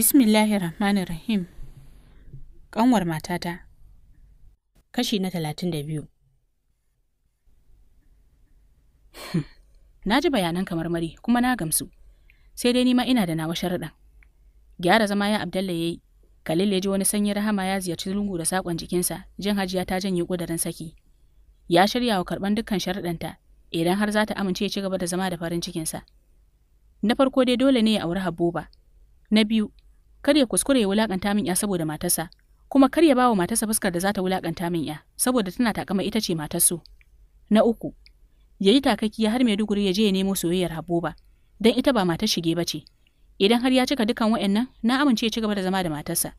Bismillahir Rahmanir Rahim. Ƙanwar matata. Kashi na talatin da biyu. Na ji bayanan kamar mari kuma na gamsu. Sai dai nima ina da nawa sharaɗan. Gyara zama ya Abdalla ya yi. Khalil ya ji wani sanyi rahama ya ziyarci lungu da saƙon jikinsa, jin hajiya ta janye ƙudurin saki. Ya shirya wa karɓan dukkan sharaɗanta idan har za ta amince ya ci gaba da zama da farin cikinsa. Na farko dai dole ne ya auri Habuba. Na biyu, kar ya kuskure ya wulakanta min ya saboda matarsa kuma kar ya bawa matarsa fuskar da za ta wulakanta min ya saboda tana takama ita ce matar su na uku ya yi takaki har duguri ya je ya nemo soyayyar Habuba dan ita ba matar shige ba ce idan har ya cika dukan wayannan na amince ya ci gaba da zama da matarsa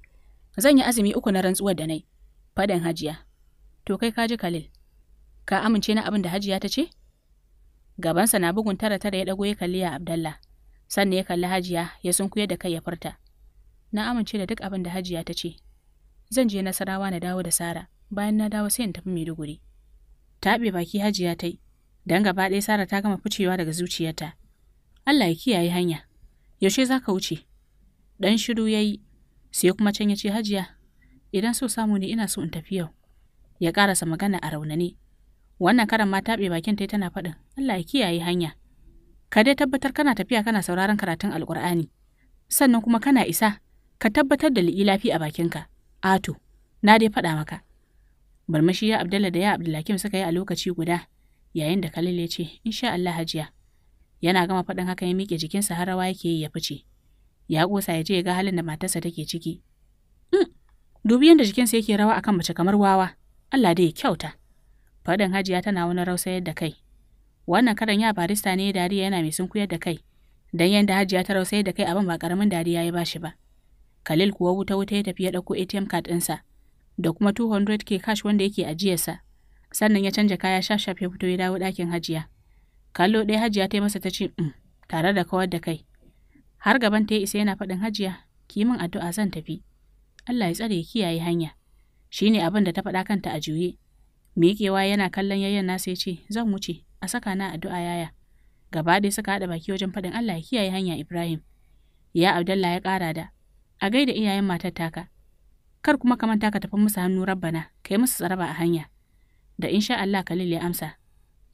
zan yi azumi uku na rantsuwar da nai fadan hajiya to kai ka ji Khalil ka amince na abin da hajiya ta ce gabansa na bugun tara tara ya dago ya kalli ya Abdallah sannan ya kalli hajiya ya sunkuyar da kai ya furta na amince da duk abin da hajiya ta ce zan je nasarawa na dawo da sara bayan na dawo sai in tafi maiduguri ta haɓe baki hajiya ta yi don gaba ɗaya sara ta gama ficewa daga zuciyarta allah ya kiyaye hanya yaushe za ka wuce Dan shiru ya yi sai kuma can ya ce hajiya idan so samu ne ina so in tafi yau ya ƙarasa magana a raunane wannan karan ma taɓe bakin ta tana faɗin allah ya kiyaye hanya ka dai tabbatar kana tafiya kana sauraron karatun alƙur'ani sannan kuma kana isa Ka tabbatar da li'i lafi a bakinka. Ato, na dai faɗa maka. Barmashi ya Abdalla da ya Abdullakim suka yi a lokaci guda yayin da Khalil ya ce, Insha Allah hajiya. Yana gama faɗin haka ya miƙe jikinsa har rawa yake yi ya fice. Ya ƙosa ya je ya ga halin da matarsa take ciki. Mm, dubi yadda jikinsa yake rawa akan mace kamar wawa. Allah dai ya kyauta. Faɗin hajiya tana wani rausayar da kai. Wannan karan ya barista ne dariya yana mai sunkuyar da kai. Dan yadda hajiya ta rausayar da kai abin ba ƙaramin dariya ya bashi ba. Khalil kuwa wuta wuta ya tafi ya ɗauko ATM card ɗinsa da kuma 200k cash wanda yake ajiyarsa. Sannan ya canja kaya shashaf ya fito ya dawo ɗakin hajiya. Kallo ɗaya hajiya ta yi masa ta ce, mm, tare da kawar da kai." Har gaban ta isa yana faɗin hajiya, ki min addu'a zan tafi. Allah ya tsare ya kiyaye hanya. Shi ne abin da ta faɗa kanta a juye. Miƙewa yana kallon yayyan nasa ya ce, "Zan wuce, a saka na addu'a yaya." Gaba ɗaya suka haɗa baki wajen faɗin Allah ya kiyaye hanya Ibrahim. Ya Abdallah ya ƙara da, a gaida iyayen matar taka kar kuma ka manta ka tafi musu hannu rabbana kai musu tsaraba a hanya da in sha Allah Khalil ya amsa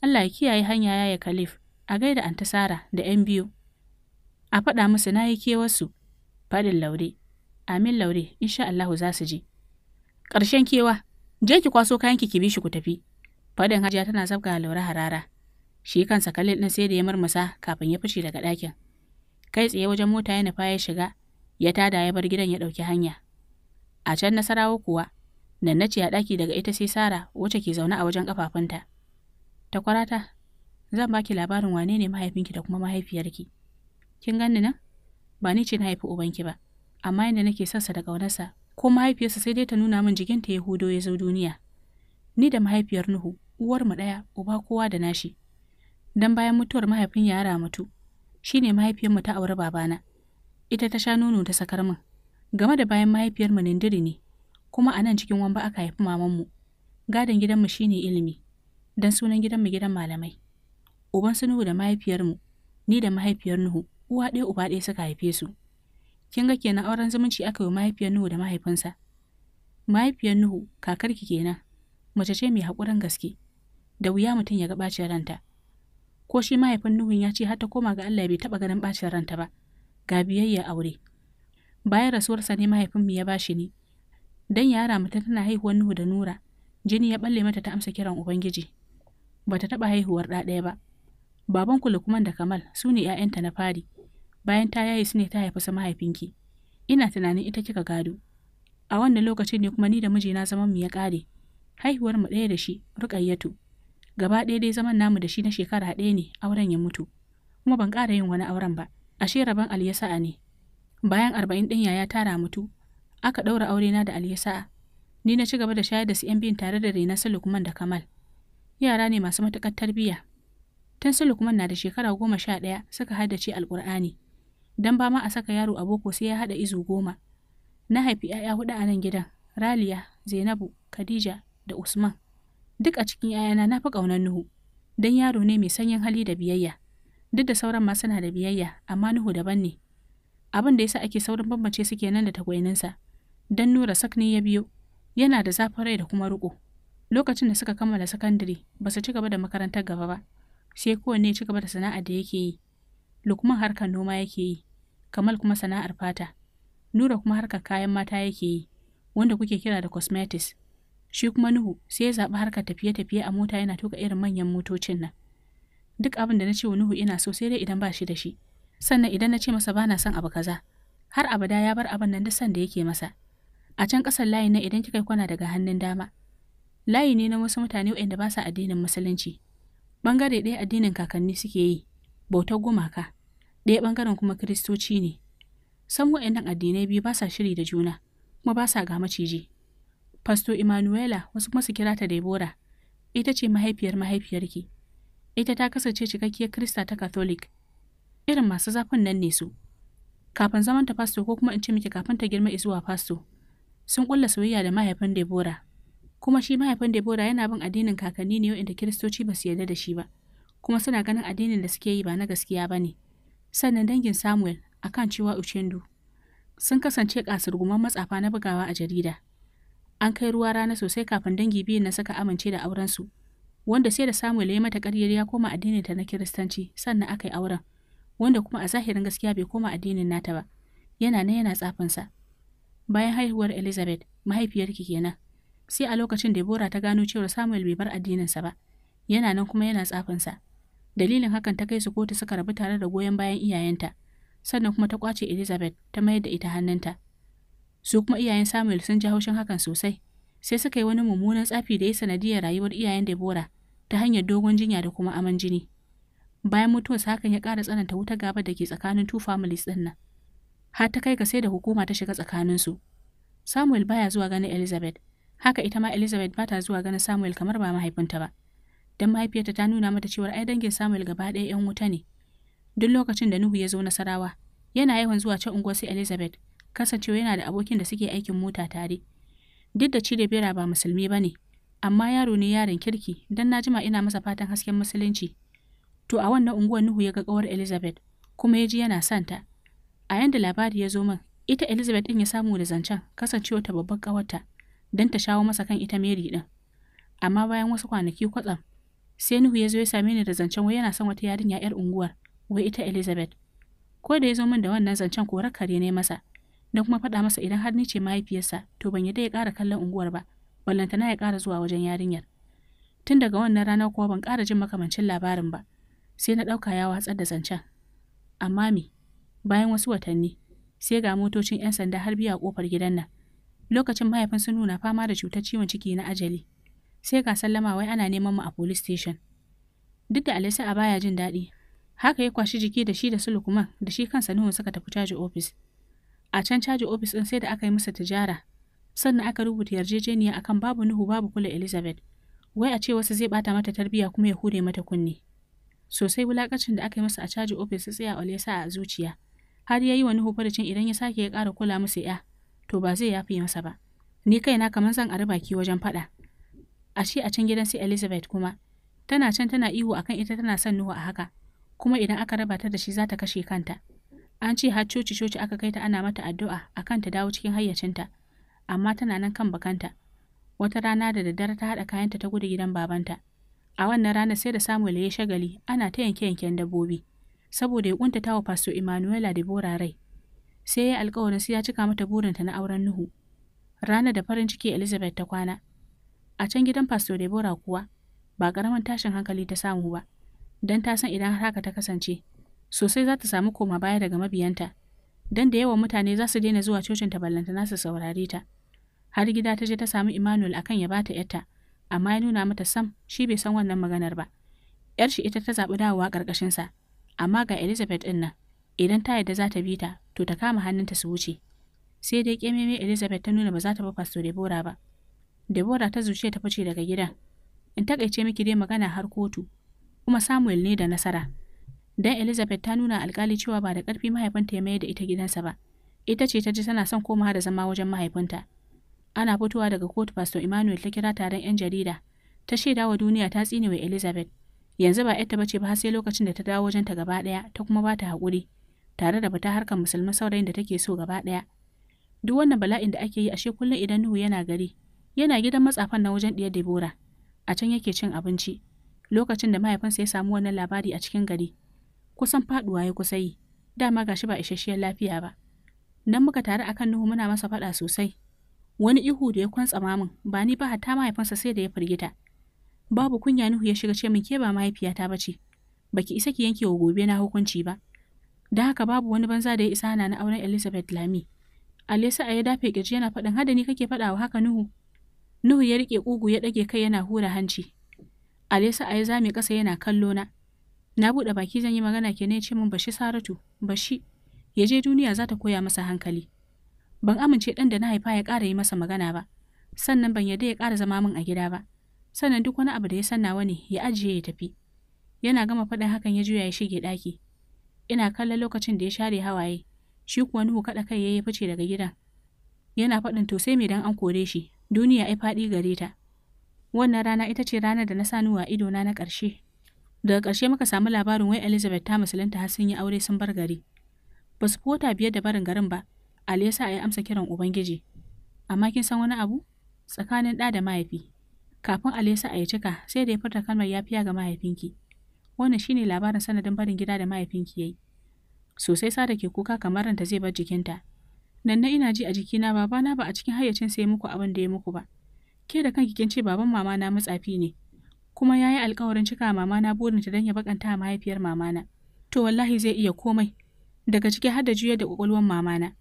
Allah ya kiyaye hanya ya ya Khalif a gaida Anta Sara da ‘yan biyu a faɗa musu na yi kewarsu faɗin laure amin laure in sha Allahu za su ji ƙarshen kewa je ki kwaso kayanki ki bi shi ku tafi faɗin hajiya tana zabga laure harara shi kansa Khalil ɗin sai da ya murmusa kafin ya fice daga ɗakin. Kai tsaye wajen mota ya nufa ya shiga, ya tada ya bar gidan ya ɗauki hanya. A can Nasarawa kuwa, nan ce a ɗaki daga ita sai Sara wacce ke zaune a wajen ƙafafunta. Ta kwarata, zan baki labarin wane ne mahaifinki da kuma mahaifiyarki. Kin ganni nan? Ba ni ce na haifi ubanki ba, amma yadda nake sassa da ƙaunarsa ko mahaifiyarsa sai dai ta nuna min jikinta ya Yahudo ya zo duniya. Ni da mahaifiyar Nuhu, uwarmu ɗaya, uba kowa da nashi. Dan bayan mutuwar mahaifin yara mutu, shine mahaifiyarmu ta aure babana. ita ta sha nono ta sakar min game da bayan mahaifiyar mu nindiri ne kuma a nan cikin wamba aka haifi mamanmu gadon gidan mu shine ilimi dan sunan gidanmu gidan malamai uban su Nuhu da mahaifiyarmu ni da mahaifiyar Nuhu uwa ɗaya uba ɗaya suka haife su kin ga kenan auren zumunci aka yi mahaifiyar Nuhu da mahaifinsa mahaifiyar Nuhu kakarki kenan mace ce mai haƙurin gaske da wuya mutum ya ga ɓacin ranta ko shi mahaifin Nuhun ya ce har ta koma ga Allah bai taɓa ganin ɓacin ranta ba. ga biyayya aure bayan rasuwarsa ne mahaifinmu ya ba shi ni dan yara mata tana haihuwar Nuhu da Nura jini ya balle mata ta amsa kiran ubangiji bata taba haihuwar ɗaɗaya ɗaya ba baban ku Lukman da Kamal su ne 'ya'yanta na fari bayan ta yayi su ne ta haifi su mahaifinki ina tunanin ita kika gado a wannan lokacin ne kuma ni da mijina zaman mu ya kare haihuwar mu ɗaya da shi Rukayyatu. gaba ɗaya dai zaman namu da shi na shekara ɗaya ne auren ya mutu kuma ban ƙara yin wani auren ba ashe rabon aliyasa'a ne bayan arba'in ɗin yaya tara mutu aka ɗaura aure na da aliyasa'a ni na ci gaba da shayar da su yan biyun tare da rena sulukman da kamal yara ne masu matuƙar tarbiyya tun sulukman na da shekara goma sha ɗaya suka haddace Alkur'ani. dan ba ma a saka yaro a boko sai ya haɗa izu goma na haifi 'ya'ya huɗu a nan gidan raliya zainabu khadija da usman duk a cikin 'ya'yana na fi ƙaunar nuhu Dan yaro ne mai sanyin hali da biyayya duk da sauran ma suna da biyayya amma Nuhu daban ne abin da yasa ake saurin bambance su nan da tagwayininsa dan Nura Sakni ya biyo yana da zafin rai da kuma riko lokacin da suka kammala sakandare ba su ci gaba da makarantar gaba ba sai kowanne ya ci gaba da sana'ar da yake yi Lukman harkar noma yake yi Kamal kuma sana'ar fata Nura kuma harkar kayan mata yake yi wanda kuke kira da cosmetics shi kuma Nuhu sai ya zaɓi harkar tafiye-tafiye a mota yana tuka irin manyan motocin nan duk abin da na ce wa Nuhu ina so sai dai idan ba shi da shi sannan idan na ce masa bana son abu kaza har abada ya bar abin nan duk san da yake masa a can ƙasar layi na idan kika kwana daga hannun dama layi ne na wasu mutane waɗanda ba sa addinin musulunci bangare ɗaya addinin kakanni suke yi bautar gumaka ɗaya bangaren kuma kiristoci ne san waɗannan addinai biyu ba sa shiri da juna kuma ba sa ga maciji Fasto Emanuela wasu kuma su kira ta Debora, ita ce mahaifiyar mahaifiyarki. ita ta kasance cikakkiyar krista ta Catholic. Irin masu zafin nan ne su. Kafin zaman ta fasto ko kuma in ce miki kafin ta girma zuwa fasto, sun ƙulla soyayya da mahaifin Debora. Kuma shi mahaifin Debora yana bin addinin kakanni ne inda Kiristoci ba su yarda da shi ba, kuma suna ganin addinin da suke yi ba na gaskiya ba ne. Sannan dangin Samuel akan cewa Uchendu sun kasance kasurguman matsafa na bugawa a jarida. An kai ruwa rana sosai kafin dangi biyun na saka amince da auren su. wanda sai da Samuel ya mata karyar ya koma addinin ta na Kiristanci sannan aka yi auren wanda kuma a zahirin gaskiya bai koma addinin nata ba yana nan yana tsafinsa bayan haihuwar Elizabeth mahaifiyarki kenan sai a lokacin Deborah ta gano cewa Samuel bai bar sa ba yana nan kuma yana tsafinsa dalilin hakan ta kai su kotu suka rabu tare da goyon bayan iyayenta sannan kuma ta kwace Elizabeth ta mayar da ita hannunta su kuma iyayen Samuel sun ji haushin hakan sosai sai suka yi wani mummunan tsafi da ya sanadiyar rayuwar iyayen Deborah ta hanyar dogon jinya da kuma aman jini. Bayan mutuwarsa hakan ya ƙara tsananta wuta gaba da ke tsakanin two families ɗin nan. Har ta kai ga sai da hukuma ta shiga tsakaninsu. Samuel baya zuwa ganin Elizabeth, haka ita ma Elizabeth ba ta zuwa ganin Samuel kamar ba mahaifinta ba. dan mahaifiyarta ta nuna mata cewa ai dangin Samuel gaba ɗaya 'yan wuta ne. Duk lokacin da Nuhu ya zo Nasarawa, yana yawan zuwa can unguwar sai Elizabeth, kasancewa yana da abokin da suke aikin mota tare. Duk da Chidebera ba musulmi ba ne, amma yaro ne yaron kirki don na jima ina masa fatan hasken musulunci to a wannan unguwar Nuhu ya ga kawar Elizabeth kuma ya ji yana santa a yanda labari ya zo min ita Elizabeth din ya samu da zancen kasancewa ta babbar kawarta dan ta shawo masa kan ita Mary din amma bayan wasu kwanaki kwatsam sai Nuhu ya zo ya same ni da zancen wai yana son wata yarinya yar unguwar wai ita Elizabeth ko da ya zo min da wannan zancen korar kare ne masa don kuma faɗa masa idan har ni ce mahaifiyarsa to ban yadda ya ƙara kallon unguwar ba ballantana ya ƙara zuwa wajen yarinyar tun daga wannan rana kuwa ban ƙara jin makamancin labarin ba sai na ɗauka ya watsar da zancen amma me bayan wasu watanni sai ga motocin 'yan sanda har biya ƙofar gidan nan lokacin mahaifin su nuna fama da cutar ciwon ciki na ajali sai ga sallama wai ana neman mu a police station duk da alisa a baya jin daɗi haka ya kwashi jiki da shi da su lukuman da shi kansa nuhu suka tafi caji ofis a can caji ofis ɗin sai da aka yi masa tijara sannan aka rubuta yarjejeniya akan babu Nuhu babu kula Elizabeth. Wai a ce wasu zai bata mata tarbiyya kuma ya hure mata kunne. Sosai wulakacin da aka yi masa a caji ofis su tsaya Ole a zuciya. Har ya yi wa Nuhu farcin idan ya sake ya ƙara kula musu ya, to ba zai yafi masa ba. Ni kaina kamar zan ari baki wajen faɗa. Ashe a can gidan sai Elizabeth kuma. Tana can tana ihu akan ita tana son Nuhu a haka. Kuma idan aka raba ta da shi za ta kashe kanta. An ce har coci-coci aka kai ta ana mata addu'a akan ta dawo cikin hayyacinta. amma tana nan kan bakanta. Wata rana da daddare ta haɗa kayanta ta gudu gidan babanta. A wannan rana sai da Samuel ya shagali ana ta yanke-yanken dabbobi, saboda ya kuntata wa Pastor da Bora rai. Sai ya alkawarin sai ya cika mata burinta na auren Nuhu. Rana da farin ciki Elizabeth ta kwana. A can gidan Pastor Deborah kuwa, ba ƙaramin tashin hankali ta samu ba, Dan ta san idan haka ta kasance, sosai za ta samu koma baya daga mabiyanta, Dan da yawan mutane za su daina zuwa cocin ta ballantana su saurare ta. har gida ta je ta samu Emmanuel akan ya bata yarta amma ya nuna mata sam shi bai san wannan maganar ba yar shi ita ta zaɓi dawowa ƙarƙashin sa amma ga Elizabeth din nan idan ta yadda za ta bi ta to ta kama hannunta su wuce sai dai kememe Elizabeth ta nuna ba za ta bi Pastor Deborah ba Deborah ta zuciya ta fice daga gidan in takaice miki dai magana har kotu kuma Samuel ne da nasara dan Elizabeth ta nuna alƙali cewa ba da ƙarfi mahaifinta ya mayar da ita gidansa ba ita ce ta ji tana son komawa da zama wajen mahaifinta Ana fitowa daga kotu Pastor Emmanuel ta kira taron 'yan jarida. Ta shaida wa duniya ta tsine wa Elizabeth. Yanzu ba ita bace ba har sai lokacin da ta dawo ta gaba ɗaya ta kuma ba ta haƙuri. Tare da bata harkar musulmi saurayin da take so gaba ɗaya. Duk wannan bala'in da ake yi ashe kullum idan Nuhu yana gari. Yana gidan matsafan na wajen diyar Debora. A can yake cin abinci. Lokacin da mahaifinsa ya samu wannan labari a cikin gari. Kusan faduwa ya kusa yi. Dama gashi ba isasshiyar lafiya ba. Nan muka taru akan Nuhu muna masa faɗa sosai. wani ihu da ya kwantsa min, ba ni ba hatta mahaifinsa sai da ya firgita babu kunya nuhu ya shiga ce min ke ba mahaifiyata ba ce baki isa ki yanke wa gobe na hukunci ba da haka babu wani banza da ya isa hana na auren Elizabeth Lami Alisa a ya dafe kirji yana faɗin hada ni kake faɗa wa haka Nuhu Nuhu ya rike ƙugu ya ɗage kai yana hura hanci Alisa a ya zame ƙasa yana kallo na na buɗe baki zan yi magana ke ya ce min bashi Saratu bashi ya je duniya za ta koya masa hankali ban amince ɗan da na haifa ya ƙara yi masa magana ba sannan ban yarda ya ƙara zama min a gida ba sannan duk wani abu da ya sanna nawa ne ya ajiye ya tafi yana gama faɗin hakan ya juya ya shige ɗaki ina kallon lokacin da ya share hawaye shi kuwa Nuhu kaɗa kai ya fice daga gidan yana faɗin to sai me dan an kore shi duniya ai faɗi gare ta wannan rana ita ce ranar da na sa Nuhu a idona na ƙarshe daga ƙarshe muka samu labarin wai Elizabeth ta musulunta har sun yi aure sun bar gari ba su fi wata biyar da barin garin ba Ali ya sa a yi amsa kiran Ubangiji. Amma kin san wani abu? Tsakanin ɗa da mahaifi. Kafin Ali ya sa a yi cika sai da ya furta kalmar yafiya ga mahaifinki. Wannan shine labarin sanadin barin gida da mahaifinki ya yi. Sosai da ke kuka kamar ranta zai bar jikinta. Nan ina ji a jikina babana ba a cikin hayyacin sai muku abin da ya muku ba. Ke da kanki kin ce baban mama na matsafi ne. Kuma ya yi alkawarin cika mama na burinta don ya bakanta mahaifiyar mamana. To wallahi zai iya komai. Daga ciki har da juyar da kwakwalwar mamana.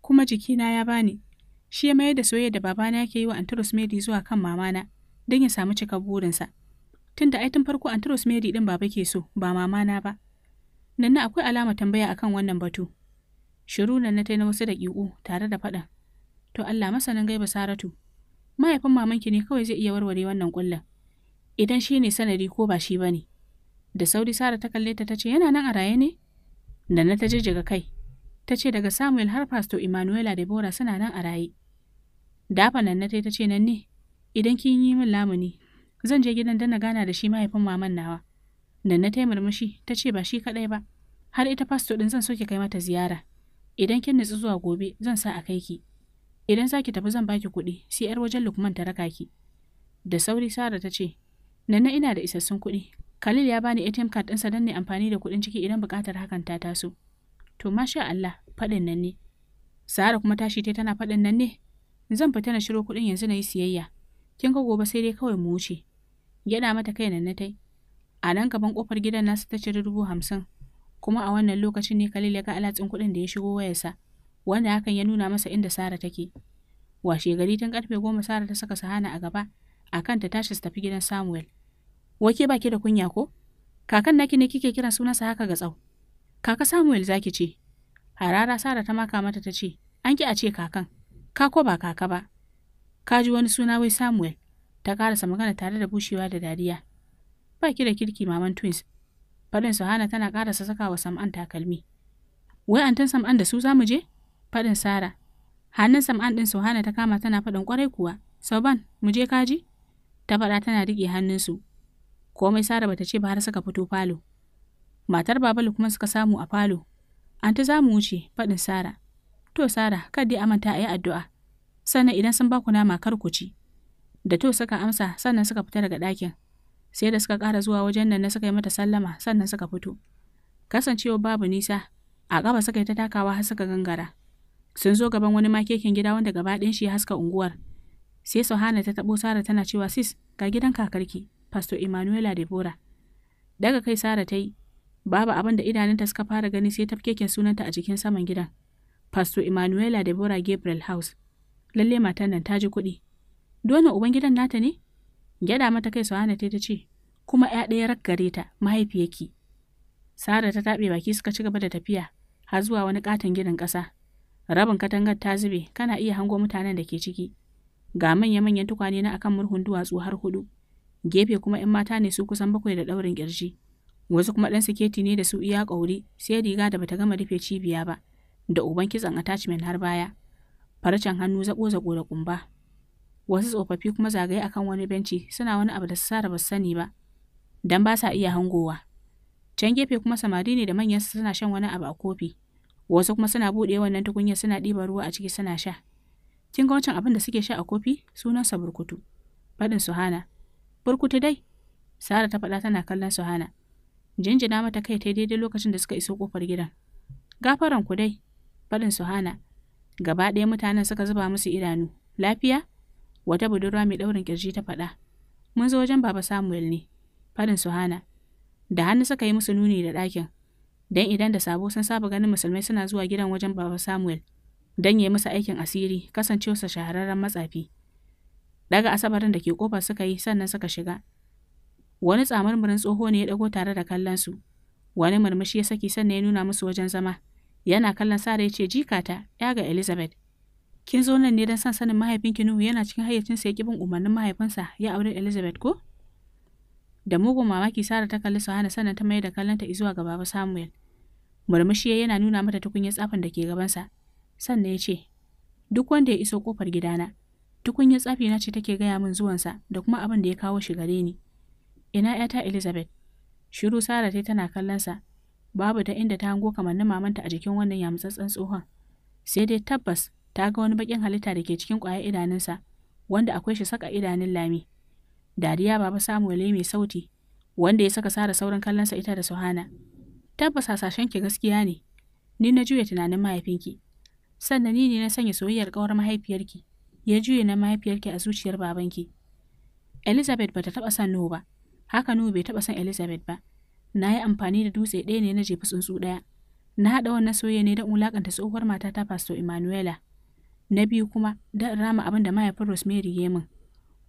kuma jikina ya bani. Shi ya mayar da soyayya da babana yake yi wa Anti zuwa kan mamana don ya samu cika burinsa. Tunda ai tun farko Anti Rosemary din baba ke so, ba mamana ba. Nanna akwai alama tambaya akan wannan batu. Shiru nan na ta na wasu daƙiƙu tare da faɗa. To Allah masanin gaiba Saratu. Mahaifin mamanki ne kawai zai iya warware wannan kullan. Idan shi ne sanadi ko ba shi ba ne. Da sauri Sara ta kalle ta ta ce yana nan a raye ne? Nan na ta jijjiga kai, ta ce daga Samuel har Pastor Emanuela Deborah suna nan a raye. Dafa nan na ta ce nan ne, idan kin yi min lamuni, zan je gidan danna gana da shi mahaifin maman nawa. Nan murmushi ta ce ba shi kaɗai ba, har ita pastor ɗin zan soke kai mata ziyara. Idan kin nutsu zuwa gobe zan sa a kai ki. Idan za ki tafi zan baki kuɗi, sai ‘yar wajen Lukman ta raka ki. Da sauri Sara ta ce, nan ina da isassun kuɗi, Khalil ya bani ATM card ɗinsa don ne amfani da kuɗin ciki idan buƙatar hakan ta taso. To masha Allah, faɗin nan ne. Sa'ara kuma tashi ta tana faɗin nan ne. Zan fita na shiro kuɗin yanzu na yi siyayya. Kin ga gobe sai dai kawai mu wuce. Gyaɗa mata kai nan na tai. A nan gaban kofar gidan nasu ta ciri dubu hamsin. Kuma a wannan lokacin ne Khalil ya ga alatsin kuɗin da ya shigo wayarsa, wanda hakan ya nuna masa inda Sara take. Washe gari tun karfe goma Sara ta saka sahana a gaba, a kan ta tashi su tafi gidan Samuel. Wake baki da kunya ko? Kakan naki ne kike kiran sunansa haka ga tsau. Kaka Samuel zaki ce, harara Sara ta maka mata ta ce, an ki a ce kakan, ka ko ba kaka ba. Ka ji wani suna wai Samuel, ta karasa magana tare da bushewa da dariya. Ba ki da kirki maman twins, faɗin Hana tana karasa saka wa Sam'an takalmi. Wai antan Sam'an da su za mu je? Faɗin Sara. Hannun Sam'an ɗin Hana ta kama tana faɗin kwarai kuwa, Sauban, mu je kaji? Ta faɗa tana riƙe hannunsu. Komai Sara bata ce ba har suka fito falo. matar babalu kuma suka samu a falo an ta zamu wuce faɗin sara to sara kar dai amanta a yi addu'a sannan idan sun baku nama kar ku ci da to suka amsa sannan suka fita daga ɗakin sai da suka ƙara zuwa wajen nan na suka yi mata sallama sannan suka fito kasancewa babu nisa a ƙafa suka yi ta takawa har suka gangara sun zo gaban wani makekin gida wanda gaba ɗin shi haska unguwar sai sohana ta taɓo sara tana cewa sis ga gidan kakarki pastor emanuela debora daga kai sara ta yi Babu abin da idanunta suka fara gani sai tafkeken sunanta a jikin saman gidan. Pastor Emanuela Deborah Gabriel House. Lalle matan nan ta ji kuɗi. Dole uban gidan nata ne? Gyada mata kai hana ta ce, kuma ‘ya ɗaya rak gare ta yake. Sara ta taɓe baki suka ci gaba da tafiya har zuwa wani ƙaton gidan ƙasa. Rabin katangar ta zube kana iya hango mutanen da ke ciki. Ga manya-manyan tukwane na akan murhun duwatsu har hudu. Gefe kuma ‘yan mata ne su kusan bakwai da ɗaurin ƙirji. wasu kuma ɗan siketi ne da su iya ƙauri sai riga da bata gama rufe cibiya ba da uban kitson attachment har baya farcen hannu zaƙo-zaƙo da ƙumba wasu tsofaffi kuma zagaye akan wani benci suna wani abu da su sara ba sani ba dan ba sa iya hangowa can gefe kuma samari ne da manyan suna shan wani abu a kofi wasu kuma suna buɗe wannan tukunya suna ɗiba ruwa a ciki suna sha kin ga wancan abin da suke sha a kofi sunansa burkutu faɗin suhana burkutu dai sara ta faɗa tana kallon suhana Jinjina mata kai ta daidai lokacin da suka iso kofar gidan. Gafaran ku dai, faɗin suhana. Gaba ɗaya mutanen suka zuba musu idanu. Lafiya? Wata budurwa mai ɗaurin kirji ta faɗa. Mun zo wajen Baba Samuel ne, faɗin suhana. Da hannu suka yi musu nuni da ɗakin. Dan idan da sabo sun saba ganin musulmai suna zuwa gidan wajen Baba Samuel. Dan ya musu aikin asiri, kasancewarsa shahararren matsafi. Daga asabarin da ke kofar suka yi sannan suka shiga. Wani tsamarmurin tsoho ne ya ɗago tare da kallon su. Wani murmushi ya saki sannan ya nuna musu wajen zama. Yana kallon Sara ya ce jikata, ya ga Elizabeth. Kin zo nan ne don san sanin mahaifinki Nuhu yana cikin hayyacinsa ya kibin umarnin mahaifinsa ya aure Elizabeth ko? Da mugun mamaki Sara ta kalli hana sannan ta mayar da kallonta zuwa ga Baba Samuel. Murmushi yana nuna mata tukunyar tsafin da ke gabansa. Sannan ya ce, Duk wanda ya iso kofar gidana, tukunyar tsafi na ce take gaya min zuwansa da kuma abin da ya kawo shi gare ni. Ina ‘yata Elizabeth? Shiru Sara tai tana kallonsa, babu ta inda ta hango kamannin mamanta a jikin wannan yamtsatsen tsohon. Sai dai tabbas ta ga wani baƙin halitta da ke cikin ƙwayar idanunsa, wanda akwai shi saka idanun lami. Dariya baba Samuel mai sauti, wanda ya saka Sara saurin kallonsa ita da Suhana. Tabbas hasashen ki gaskiya ne. Ni na juya tunanin mahaifinki. Sannan ni ne na sanya soyayyar ƙawar mahaifiyarki. Ya juya na mahaifiyarki a zuciyar babanki. Elizabeth bata taɓa son nuhu ba, Haka Nuhu bai taɓa son Elizabeth ba. Na yi amfani da dutse ɗaya ne na jefi tsuntsu ɗaya. Na haɗa wannan soyayya ne don wulaƙanta tsohuwar matata Pastor emmanuela Na biyu kuma don rama abin da mahaifin Rosemary ya min.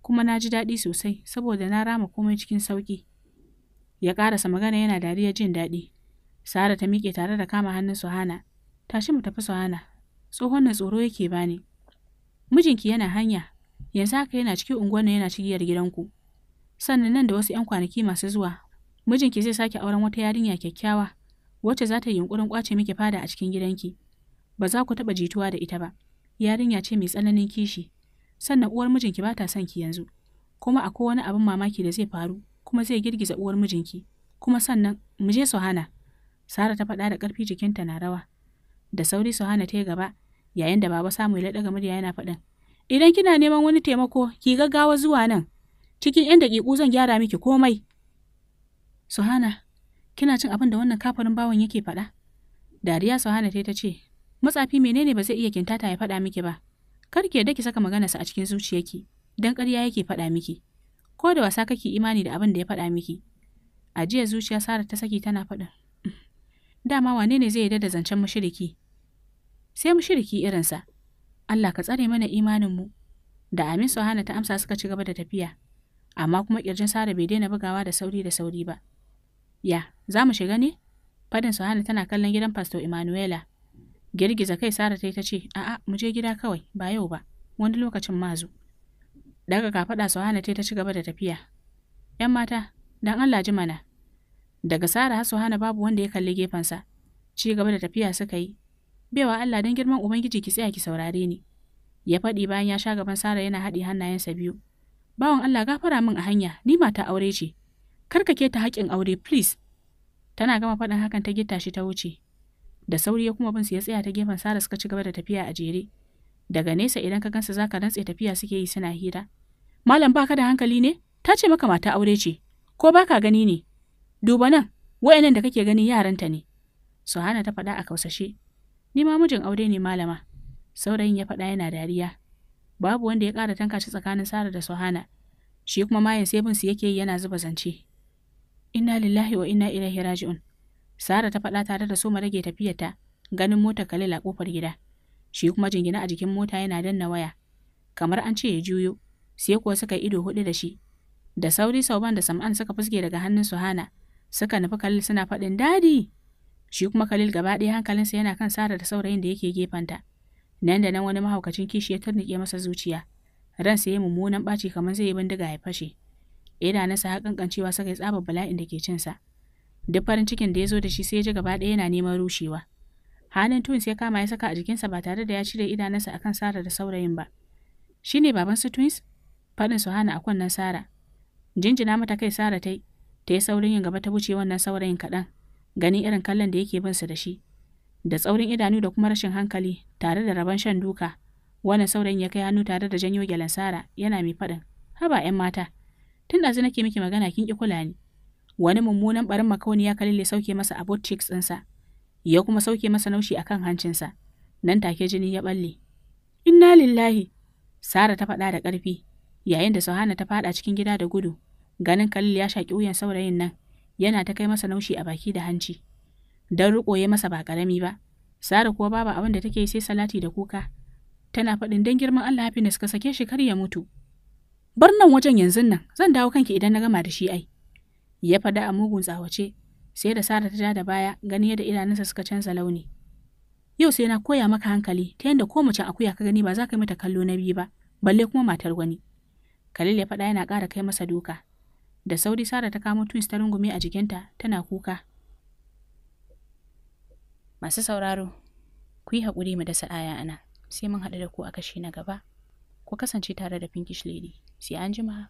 Kuma na ji daɗi sosai saboda na rama komai cikin sauƙi. Ya ƙarasa magana yana dariya jin daɗi. Sara ta miƙe tare da kama hannun Suhana. Tashi mu tafi Suhana. Tsohon na tsoro yake bani. Mijinki yana hanya, yanzu haka yana cikin unguwar yana cigiyar gidanku. sannan nan da wasu 'yan kwanaki masu zuwa mijinki zai sake auren wata yarinya kyakkyawa wacce za ta yi yunkurin kwace miki fada a cikin gidanki ba za ku taɓa jituwa da ita ba yarinya ce mai tsananin kishi sannan uwar mijinki ba ta son ki yanzu kuma akwai wani abin mamaki da zai faru kuma zai girgiza uwar mijinki kuma sannan mu je Sohana Sara ta faɗa da ƙarfi jikinta na rawa da sauri Sohana ta yi gaba yayin da baba Samuel ya ɗaga murya yana faɗin idan kina neman wani taimako ki gaggawa zuwa nan Cikin 'yan daƙiƙu zan gyara miki komai. Suhana, kina cin abin da wannan kafarin bawan yake faɗa? Dariya Suhana ta ta ce, Matsafi menene ba zai iya kintata ya faɗa miki ba? Kar ki yarda ki saka maganarsa a cikin zuciyarki, dan ƙarya yake faɗa miki. Ko da wasa kake imani da abin da ya faɗa miki. A jiya zuciya Sara ta saki tana faɗin. Mm, dama wane ne zai yarda da zancen mushiriki? Sai mushiriki irinsa. Allah ka tsare mana imaninmu. Da Amin Suhana ta amsa suka ci gaba da tafiya. amma kuma kirjin Sara bai daina bugawa da sauri da sauri ba. Ya, za mu shiga ne? Fadin Sohana tana kallon gidan Pastor Emanuela. Girgiza kai Sara ta yi ta ce, "A'a, mu je gida kawai, ba yau ba, wani lokacin mazu." Daga kafaɗa Suhana ta yi ta ci gaba da tafiya. ‘Yan mata, dan Allah ji mana. Daga Sara har suhana babu wanda ya kalli gefensa. Ci gaba da tafiya suka yi. Bewa Allah don girman Ubangiji ki tsaya ki saurare ni. Ya faɗi bayan ya sha gaban Sara yana haɗi hannayensa biyu. bawan Allah gafara min a hanya ni mata aure ce kar ka keta haƙƙin aure please tana gama faɗin hakan ta gitta shi ta wuce da sauri ya kuma bin su ya tsaya ta gefen Sara suka ci gaba da tafiya a jere daga nesa idan ka gansu zaka rantse tafiya suke yi suna hira malam baka da hankali ne ta ce maka mata aure ce ko baka gani ne duba nan wayannan da kake gani yaranta ne Suhana ta faɗa a kausashe ni ma mijin aure ne malama saurayin ya faɗa yana dariya babu wanda ya ƙara tanka shi tsakanin Sara da Sohana. Shi kuma mayan sai bin su yake yi yana zuba zance. Inna lillahi wa inna ilaihi raji'un. Sara ta faɗa tare da soma rage tafiyar ta ganin motar Khalil a kofar gida. Shi kuma jingina a jikin mota yana danna waya. Kamar an ce ya juyo, sai kuwa suka ido hudu da shi. Da sauri Sauban da Sam'an suka fuske daga hannun Sohana, suka nufi kalil suna faɗin dadi. Shi kuma Khalil gaba ɗaya hankalinsa yana kan Sara da saurayin da yake gefenta. nan da nan wani mahaukacin kishi ya tarnike masa zuciya ran ya mummunan ɓaci kamar zai yi bindiga ya fashe idanunsa har kankancewa saka ya tsaba bala'in da ke cinsa duk farin cikin da ya zo da shi sai ya ji gaba ɗaya yana neman rushewa hannun twins ya kama ya saka a jikinsa ba tare da ya cire idanunsa akan sara da saurayin ba shi ne baban su twins faɗin su hana a kunnen sara jinjina mata kai sara ta yi ta yi saurin yin gaba ta wuce wannan saurayin kaɗan ganin irin kallon da yake bin su da shi da tsaurin idanu da kuma rashin hankali tare da rabon shan duka wannan saurayin ya kai hannu tare da janyo gyalan sara yana mai faɗin haba 'yan mata tun ɗazu nake miki magana kin ki kula ni wani mummunan barin makauni ya kalle sauke masa abot cheeks ɗinsa ya kuma sauke masa naushi akan hancinsa nan take jini ya balle inna lillahi sara ta faɗa da ƙarfi yayin da Sohana ta faɗa cikin gida da gudu ganin kalil ya shaƙi wuyan saurayin nan yana ta kai masa naushi a baki da hanci don riƙo ya masa ba ƙarami ba. Sara kuwa babu abin da take sai salati da kuka. Tana faɗin don girman Allah happiness ka sake shi kar ya mutu. Bar nan wajen yanzu nan zan dawo kanki idan na gama da shi ai. Ya faɗa a mugun tsawace sai da Sara ta ja da baya gani yadda idanunsa suka canza launi. Yau sai na koya maka hankali ta yadda ko mace akuya ka gani ba za ka mata kallo na biyu ba balle kuma matar wani. Khalil ya faɗa yana ƙara kai masa duka. Da sauri Sara ta kamo twins ta rungume a jikinta tana kuka. Masu sauraro, ku yi haƙuri mu dasa aya ana, sai mun haɗu da ku a kashi na gaba. Ku kasance tare da Pinkish Lady, sai an jima.